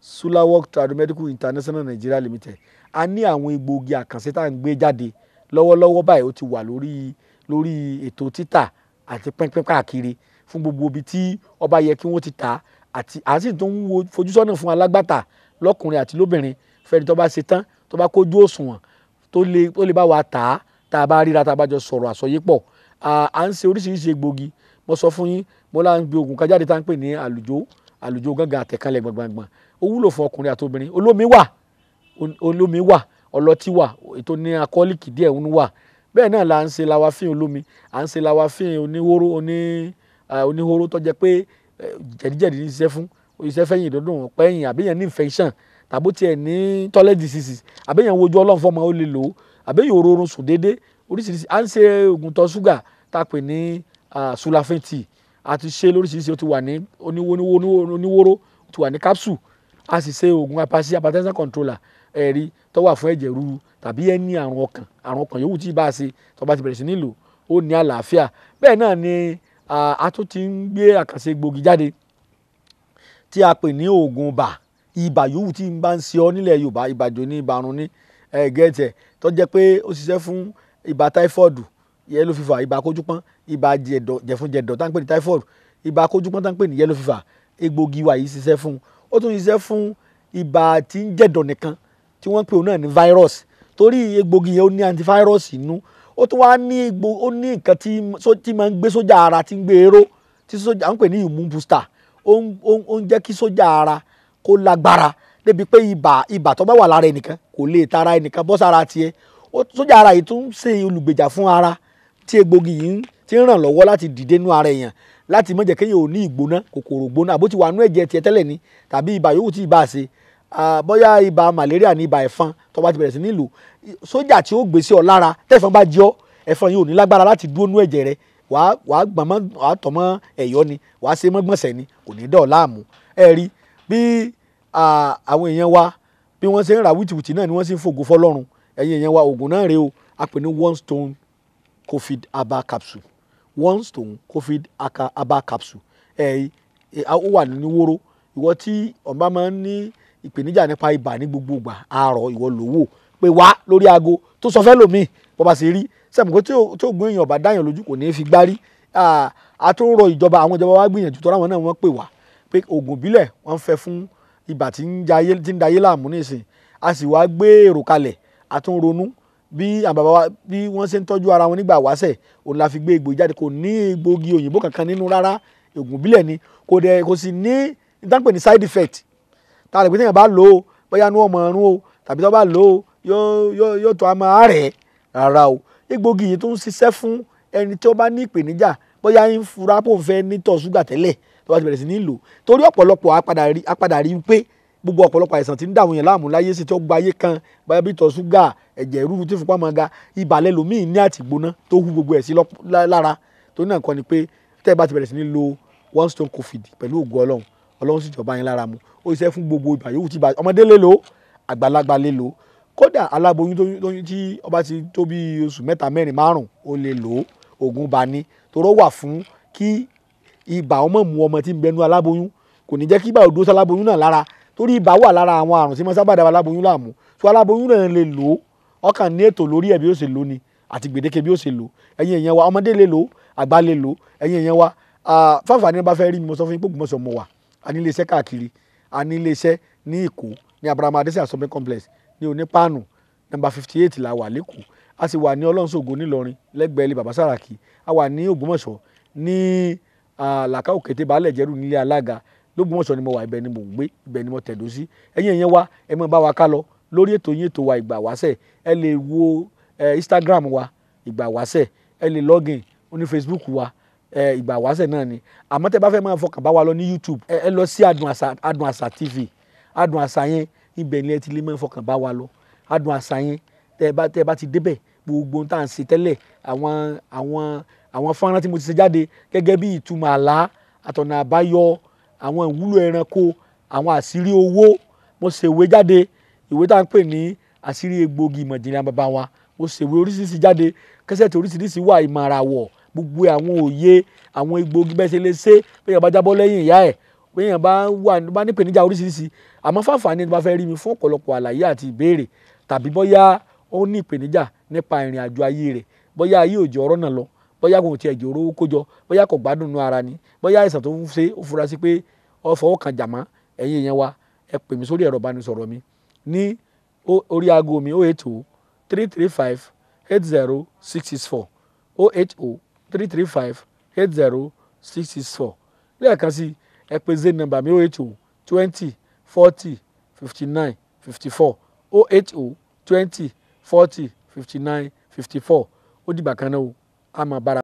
sulawok tradomedical international nigeria limited a ní àwọn egbòogi àkànṣe tá à ń gbé jáde lọ́wọ́lọ́wọ́ báyìí ó ti wà lórí lórí ètò títà àti pínpín káàkiri fún gbogbo ibi tí ó bá yẹ kí wọ́n ti tà àti àti tó ń fojúsọ́nà fún alágbàtà lọ́kùnrin àti lóbìnrin fẹ́ni tó bá ṣe tán tó bá kójú òṣùwọ̀n tó lè tó lè bá wa tà á tá a bá ríra tá a bá jọ sọ̀rọ̀ àsọyépọ̀ à ń ṣe oríṣiríṣi egbògi mo sọ fún yín mo láǹgbé oògùn kájáde tá à ń pè ní àlùjó àlùjó gángan àtẹ̀kálẹ̀ gbọ̀ngbọ̀ngbọ̀n ó wúlò fún ọkùnrin àti obìnrin olómi wà olómi wà ọlọ́tí wà ètò ní akọ́líkì díẹ̀ ń wà bẹ́ẹ̀ náà la ń ṣe lawafin olómi à ń ṣe lawafin oníhóró oní oníhóró tó jẹ́ pé jẹ̀díjẹ̀dí ní ṣiṣẹ́ fún iṣẹ́ fẹ́yìn ìdọ́dún ọ̀pẹ́yìn àbíyàn ní infection tàbó tiẹ̀ ní toilet diseases àbíyàn wojú ọlọ́run fọmọ ó lè lò ó àbíyàn òrorun sùn déédéé oríṣiríṣi à ń ṣe oògùn tọ ṣúgà tá a pè ní sulafin tea àti ṣe lóríṣiríṣi ó ti wà ní oníwóró ó ti wà ní capsule a sì ṣe oògùn apasi hypertension controller ẹ̀rí tó wà fún ẹ̀jẹ̀ ríru tàbí ẹni àrùn ọkàn àrùn ọkàn yòówù tí ì bá ṣe tó bá ti bẹ̀rẹ̀ sí nílò ó ní àlàáfíà bẹ́ẹ̀ náà ni a tún ti ń gbé àkànṣe gbòógì jáde tí a pè ní oògùn ibà ibà yòówù tí n bá ń ṣe ọ nílẹ̀ Yorùbá ìbàjò ní ìbàrún ní ẹ̀ẹ́dẹ́tẹ̀ tó jẹ́ pé ó ṣiṣẹ́ fún ibà táífọ́ọ̀dù yẹ́lò fifa ibà kójúpọ́n ibà jẹ̀dọ̀ jẹ̀fun jẹ̀dọ̀ tá ń pè ní táífọ́ọ̀dù ibà kójúpọ́n tá ń pè ní yẹ́lò fífà egbògi wa yìí ṣiṣẹ́ fún ó tún ṣiṣẹ́ fún ibà tí ń jẹ̀dọ̀ nìkan tí wọ́n ń pè náà ní virus torí egbògi yẹn ó ní antivirus inú ó tún wá ní egbò ó ní nǹkan tí máa ń gbé sójà ara tí ń gbé eró tí sójà ń pè ní immune booster ó ń jẹ́ kí sójà ara kó lágbára débi pé ibà ibà tó bá wà lára ẹnìkan kò lè tara ẹnìkan bọ́ tiẹ̀ sójà ara yìí tún ń ṣe olùgbèjà fún ara tí egbògi yìí ń tí ń ràn lọ́wọ́ láti dìde nú ara èèyàn láti má jẹ́ kéèyàn ò ní ìgbóná kòkòrò gbóná àbó wà nú ẹ̀jẹ̀ tiẹ̀ tẹ́lẹ̀ ni tàbí ibà yòówù tí ibà ṣe bóyá ibà malaria ni ibà ẹ̀fọn tó bá ti bẹ̀rẹ̀ sí nílò sójà tí ó gbé sí ọ lára tẹ̀fọn bá jẹ́ ẹ̀fọn yìí ní lágbára láti dúró nú ẹ̀jẹ̀ rẹ wàá gbọ̀n mọ́ wàá tọ̀ mọ́ ẹ̀yọ́ ni wàá ṣe mọ́ gbọ̀nsẹ̀ ni kò ní dọ̀ láàmú ẹ rí bí àwọn èèyàn wa bí wọ́n ṣe ń ra wìtìwìtì náà ni wọ́n ṣe ń fògo fọlọ́run ẹ̀yin èèyàn wa oògùn náà rèé o a pè ní one stone covid herbal capsule one stone covid aka aba capsule ẹ ẹ ó wà ní wóró ìwọ tí ọba máa ń ní ìpèníjà nípa ibà ní gbogbo ìgbà àárọ̀ ìwọ ló wò pé wá lórí aago tó sọ fẹ́ lòmíì bó bá ṣe rí sẹ́mi pé tí ògùn èèyàn bá dáyàn lójú kò ní í fi gbárí a tó ń rọ ìjọba àwọn ìjọba wa gbìyànjú tọ́ra àwọn náà wọ́n pè wá pé oògùn ìbílẹ̀ wọ́n fẹ́ fún ibà tí ń da ayé láàmú nísìn a sì wá gbé èrò kalẹ̀ a bí àwọn bàbá wa bí wọ́n ṣe ń tọ́jú ara wọn nígbà wáṣẹ̀ òun la fi gbé egbò jáde kò ní egbògi òyìnbó kankan nínú rárá oògùn ìbílẹ̀ ni kò dẹ̀ kò sì ní ìtànpẹ̀ ní side effect tá a lè pé téèyàn bá lò ó bóyá inú ọmọ ọrùn o tàbí tó bá lò ó yóò yóò yóò tó a máa rẹ̀ rárá o egbògi yìí tó ń ṣiṣẹ́ fún ẹni tí ó bá ní ìpèníjà bóyá ń fura pò ń fẹ́ nítọ̀ ṣúgà tẹ́lẹ̀ tó bá ti bẹ̀rẹ̀ sí ní lò torí ọ̀pọ̀lọpọ̀ apadà rí apadà rí pé gbogbo ọ̀pọ̀lọpọ̀ àìsàn tí ń dàwọn yẹn láàmú láyé sí tí ó gba ayé kan báyọ̀ bí ìtọ̀ ṣúgà ẹ̀jẹ̀ ríru tí fúnpá máa ga ìbàlẹ̀ lòmíì ní àtìgbóná tó hu gbogbo ẹ̀ sí lára tó ní nǹkan ni pé tẹ́ ẹ bá ti bẹ̀rẹ̀ sí ní lo one stone covid pẹ̀lú ògùn ọlọ́run ọlọ́run sì jọba yín lára mu ó ṣiṣẹ́ fún gbogbo ibà yòówù tí ibà ọmọdé lè lò àgbàlagbà lè lò kódà aláboyún tí ọba ti tó bí oṣù mẹ́ta mẹ́rin márùn ó lè lò ògùn bá ní toró wà fún tí ń bẹnu aláboyún torí ibà wà lára àwọn àrùn tí mo sábà dábàá aláboyún láàmú tó aláboyún náà lè lò ó ọkàn ní ètò lórí ẹ̀ bí ó ṣe lò ni àti gbèdéke bí ó ṣe lò ẹ̀yin èèyàn wa ọmọdé lè lò àgbà lè lò ẹ̀yin èèyàn wa fáfàní bá fẹ́ rí mi mo sọ fún yín pé Ògbómọ̀ṣọ́ mo wà a ní iléeṣẹ́ káàkiri a ní iléeṣẹ́ ní Èkó ní Abraham Adesina shopping complex ní onípaanu number fifty eight la wà lẹ́kọ̀ọ́ a sì wà ní ọlọ́nṣogo nílọrin lẹ́gbẹ̀ẹ́ ilé bàbá Sàràkí a wà ní Ògbómọ̀ṣọ́ ní làkàókété baálẹ̀ jẹ́rù nílé alága lógbómọ̀ṣọ́ ni mo wà ibẹ̀ ni mo gbé ibẹ̀ ni mo tẹ̀dó sí ẹ̀yin ẹ̀yẹn wa ẹ máa bá wa ká lọ lórí ètò yín ètò wa ìgbà wáṣẹ̀ ẹ lè wo Instagram wa ìgbà wáṣẹ̀ ẹ lè login oní Facebook wa ìgbà wáṣẹ̀ náà ni àmọ́ tẹ́ bá fẹ́ máa fọkàn bá wa lọ ní YouTube ẹ lọ sí Adùn Àṣà TV Adùn Àṣà yẹn ibẹ̀ ni ẹ ti lè máa fọkàn bá wa lọ Adùn Àṣà yẹn tẹ́ bá tẹ́ bá ti débẹ̀ gbogbo ohun tá à ń ṣe tẹ́lẹ̀ àwọn àwọn àwọn fọ́nrán tí mo ti ṣe jáde gẹ́gẹ́ bí ìtumọ̀ àlá àtọ̀nà àbáyọ àwọn ìwúlò ẹranko àwọn àṣírí owó mo ṣèwé jáde ìwé tá à ń pè ní àṣírí egbògi ìmọ̀jìnlẹ̀ bàbá wa mo ṣèwé oríṣiríṣi jáde kẹsẹ̀tì oríṣiríṣi wà ìmọ̀ ara wọ̀ gbogbo àwọn òye àwọn egbògi bẹ́ẹ̀ ṣe lè ṣe bẹ́ẹ̀ yẹn bá jábọ́ lẹ́yìn ìyá ẹ̀ bẹ́ẹ̀ yẹn bá wà bá ní ìpèníjà oríṣiríṣi àmọ́ fáfàní ni wọ́n fẹ́ rí mi fún ọ̀pọ̀lọpọ̀ àlàyé àti ìbéèrè tàbí bóyá ó ní ìpèníjà nípa ìrìn àjò ayé rẹ̀ bóyá ayé òjò ọ̀rọ̀ náà lọ bóyá kò tiẹ̀ jòrò ó kójọ bóyá kò gbádùn nù ara ni bóyá àìsàn tó ń ṣe ó fura sí pé ó fọwọ́ kan jàmá ẹ̀yin yẹn wa ẹ pè mí sórí ẹ̀rọ ìbánisọ̀rọ̀ mi ní orí aago mi oh eight oh three three five eight zero six six four oh eight oh three three five eight zero six six four lẹ́ẹ̀kan sí ẹ pè zen number mi oh eight oh twenty forty fifty nine fifty four oh eight oh twenty forty fifty nine fifty four ó dìgbà kan náà o. ama bara